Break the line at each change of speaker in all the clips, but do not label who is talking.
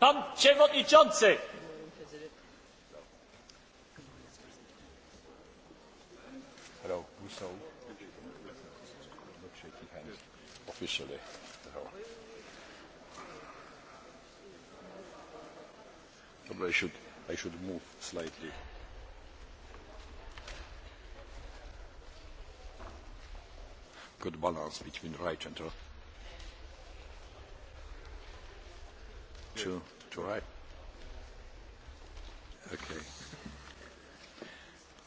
Pan Przewodniczący! Hello, Rousseau. Not shaking hands officially. Probably I should, I should move slightly. Good balance between right and left. to, to write? Okay.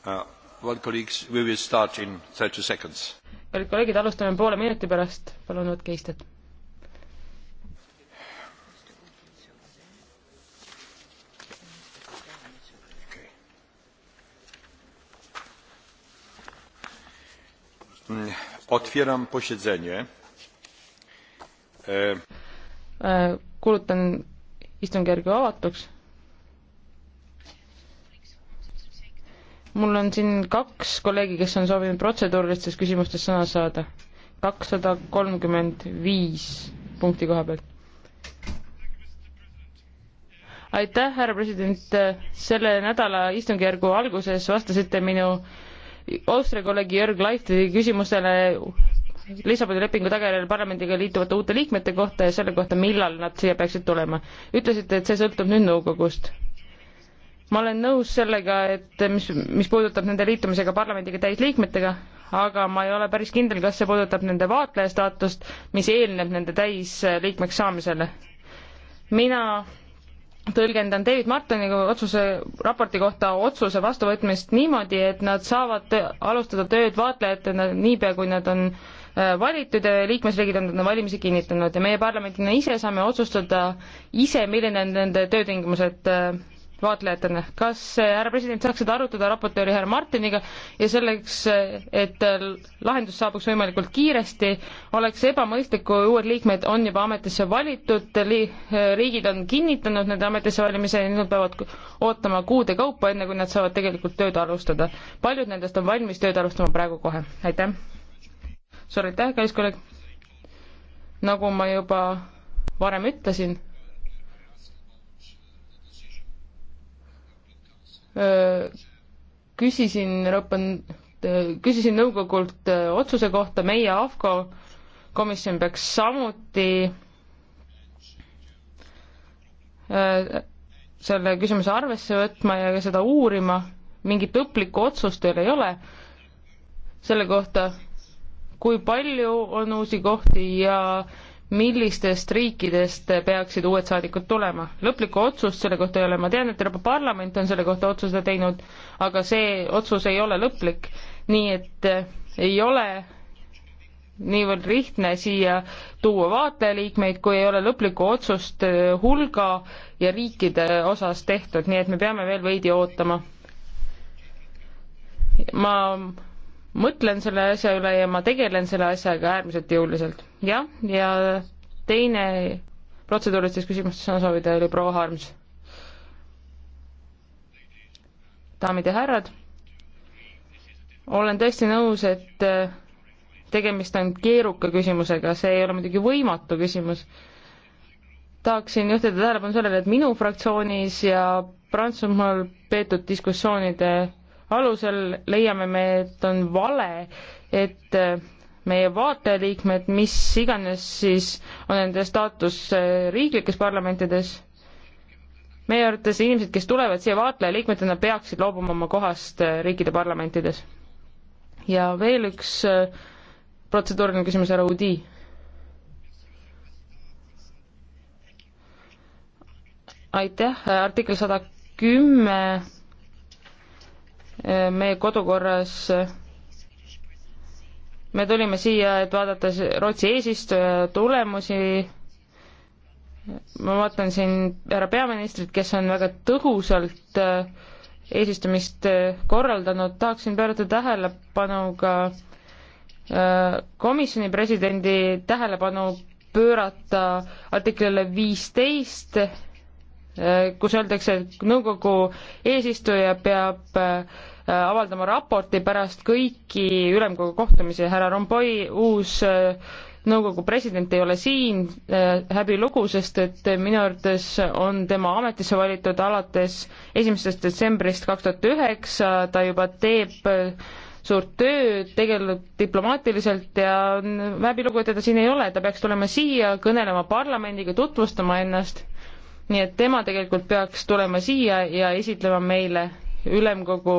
Uh, well, colleagues, we will start in 30 seconds. kallid kolleegid, alustame poole minuti pärast, palun võtke istet. Mm, otwieram posiedzenie e, e, kuulutan istungjärgu avatuks. mul on siin kaks kolleegi, kes on soovinud protseduurilistes küsimustes sõna saada. kakssada kolmkümmend viis punkti koha pealt. aitäh, härra president, selle nädala istungjärgu alguses vastasite minu Austria kolleegi Jörg Laifteri küsimusele Lissaboni lepingu tagajärjel parlamendiga liituvate uute liikmete kohta ja selle kohta, millal nad siia peaksid tulema. ütlesite, et see sõltub nüüd nõukogust. ma olen nõus sellega, et mis, mis puudutab nende liitumisega parlamendiga täisliikmetega, aga ma ei ole päris kindel, kas see puudutab nende vaatleja staatust, mis eelneb nende täisliikmeks saamisele. mina tõlgendan David Martini otsuse, raporti kohta otsuse vastuvõtmist niimoodi, et nad saavad alustada tööd vaatlejatena niipea, kui nad on äh, Äh, valitud ja äh, liikmesriigid on nende valimisi kinnitanud ja meie parlamendina ise saame otsustada ise, milline on nende töötingimused äh, vaatlejatena. kas härra president saaks seda arutada raportööri härra Martiniga ja selleks, et lahendus saabuks võimalikult kiiresti, oleks ebamõistlik, kui uued liikmed on juba ametisse valitud li, riigid on kinnitanud nende ametisse valimise ja nad peavad ootama kuude kaupa, enne kui nad saavad tegelikult tööd alustada. paljud nendest on valmis tööd alustama praegu kohe, aitäh! suur aitäh, kallis kolleeg. nagu ma juba varem ütlesin, küsisin Euroopa, küsisin nõukogult otsuse kohta, meie AFCO komisjon peaks samuti selle küsimuse arvesse võtma ja seda uurima, mingit lõplikku otsust veel ei ole selle kohta kui palju on uusi kohti ja millistest riikidest peaksid uued saadikud tulema. lõplikku otsust selle kohta ei ole, ma tean, et Euroopa Parlament on selle kohta otsuse teinud, aga see otsus ei ole lõplik, nii et äh, ei ole niivõrd lihtne siia tuua vaatlejaliikmeid, kui ei ole lõplikku otsust äh, hulga ja riikide osas tehtud, nii et me peame veel veidi ootama. ma mõtlen selle asja üle ja ma tegelen selle asjaga äärmiselt jõuliselt. jah, ja teine protseduurilistes küsimustes sõna soovida oli proua Harms. daamid ja härrad, olen tõesti nõus, et äh, tegemist on keeruka küsimusega, see ei ole muidugi võimatu küsimus. tahaksin juhtida tähelepanu sellele, et minu fraktsioonis ja Prantsusmaal peetud diskussioonide alusel leiame me, et on vale, et äh, meie vaatajaliikmed, mis iganes siis on nende staatus äh, riiklikes parlamentides, meie arvates inimesed, kes tulevad siia vaatlejaliikmetena, peaksid loobuma oma kohast äh, riikide parlamentides. ja veel üks protseduuriline küsimus, härra Udi. aitäh, artikkel sada kümme meie kodukorras me tulime siia, et vaadata Rootsi eesistuja tulemusi, ma vaatan siin härra peaministrit, kes on väga tõhusalt äh, eesistumist äh, korraldanud, tahaksin pöörata tähelepanu ka äh, komisjoni presidendi tähelepanu pöörata artiklile viisteist, kus öeldakse, et nõukogu eesistuja peab äh, avaldama raporti pärast kõiki ülemkogu kohtumisi. härra Rompoi uus äh, nõukogu president ei ole siin, äh, häbilugu, sest et minu arvates on tema ametisse valitud alates esimesest detsembrist kaks tuhat üheksa, ta juba teeb suurt tööd, tegeleb diplomaatiliselt ja on häbilugu, et teda siin ei ole, ta peaks tulema siia kõnelema parlamendiga, tutvustama ennast nii et tema tegelikult peaks tulema siia ja esitlema meile ülemkogu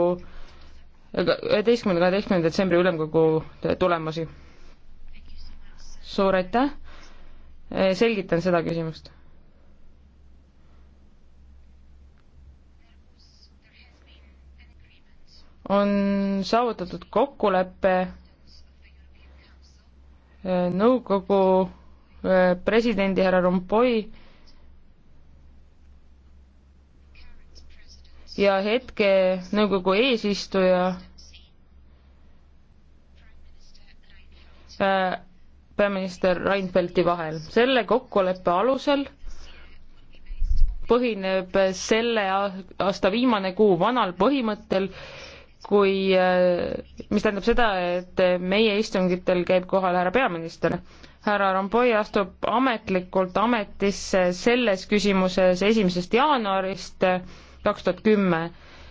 üheteistkümnenda, kaheteistkümnenda detsembri ülemkogu tulemusi. suur aitäh, selgitan seda küsimust. on saavutatud kokkulepe nõukogu eh, presidendi härra Rompoi ja hetke nõukogu eesistuja äh, peaminister Reinfeldti vahel. selle kokkuleppe alusel põhineb selle aasta viimane kuu vanal põhimõttel, kui, äh, mis tähendab seda, et meie istungitel käib kohal härra peaminister. härra Rompuy astub ametlikult ametisse selles küsimuses esimesest jaanuarist kaks tuhat kümme.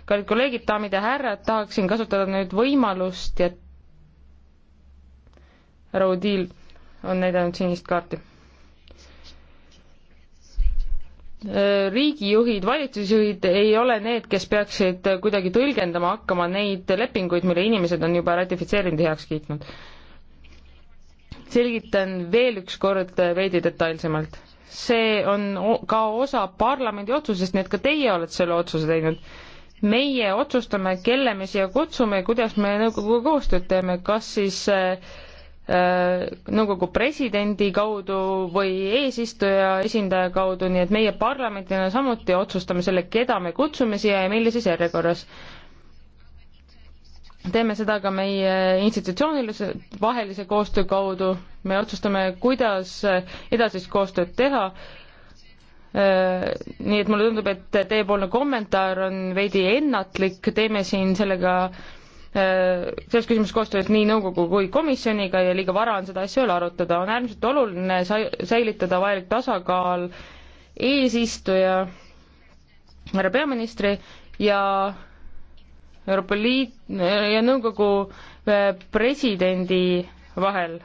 kallid kolleegid, daamid ja härrad, tahaksin kasutada nüüd võimalust ja härra Udil on näidanud sinist kaarti. riigijuhid, valitsusjuhid ei ole need, kes peaksid kuidagi tõlgendama hakkama neid lepinguid, mille inimesed on juba ratifitseerinud ja heaks kiitnud selgitan veel üks kord veidi detailsemalt. see on ka osa parlamendi otsusest, nii et ka teie olete selle otsuse teinud. meie otsustame, kelle me siia kutsume ja kuidas me nõukoguga koostööd teeme, kas siis äh, äh nõukogu presidendi kaudu või eesistuja esindaja kaudu, nii et meie parlamendina samuti otsustame selle, keda me kutsume siia ja millises järjekorras teeme seda ka meie institutsioonilise vahelise koostöö kaudu, me otsustame, kuidas edasist koostööd teha. Äh, nii et mulle tundub, et teiepoolne kommentaar on veidi ennatlik, teeme siin sellega äh, selles küsimuses koostööd nii nõukogu kui komisjoniga ja liiga vara on seda asja veel arutada, on äärmiselt oluline säilitada vajalik tasakaal eesistuja, härra peaministri ja Euroopa Liit eh, ja nõukogu eh, presidendi vahel.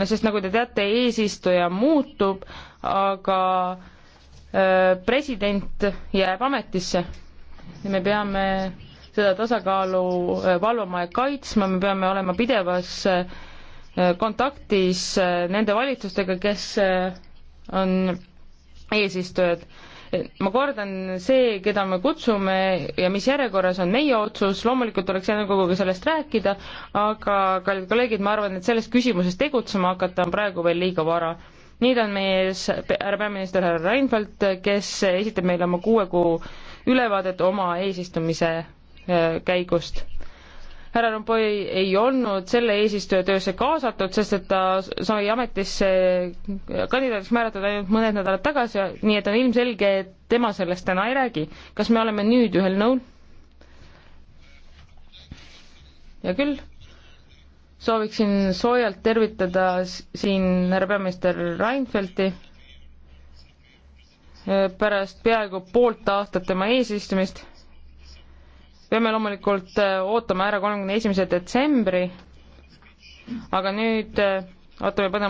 no sest nagu te teate, eesistuja muutub, aga eh, president jääb ametisse. me peame seda tasakaalu valvama ja kaitsma, me peame olema pidevas kontaktis nende valitsustega, kes on eesistujad ma kordan, see, keda me kutsume ja mis järjekorras, on meie otsus, loomulikult tuleks nõukoguga sellest rääkida, aga kallid kolleegid, ma arvan, et selles küsimuses tegutsema hakata on praegu veel liiga vara. nüüd on meie ees härra peaminister härra Reinfeldt, kes esitab meile oma kuue kuu ülevaadet oma eesistumise eh, käigust härra Rompoi ei olnud selle eesistuja töösse kaasatud, sest et ta sai ametisse kandidaadiks määratud ainult mõned nädalad tagasi, nii et on ilmselge, et tema sellest täna ei räägi. kas me oleme nüüd ühel nõul? hea küll, sooviksin soojalt tervitada siin härra peaminister Reinfeldti pärast peaaegu poolt aastat tema eesistumist peame loomulikult äh, ootama ära kolmekümne esimese detsembri, aga nüüd äh, ootame põnevusega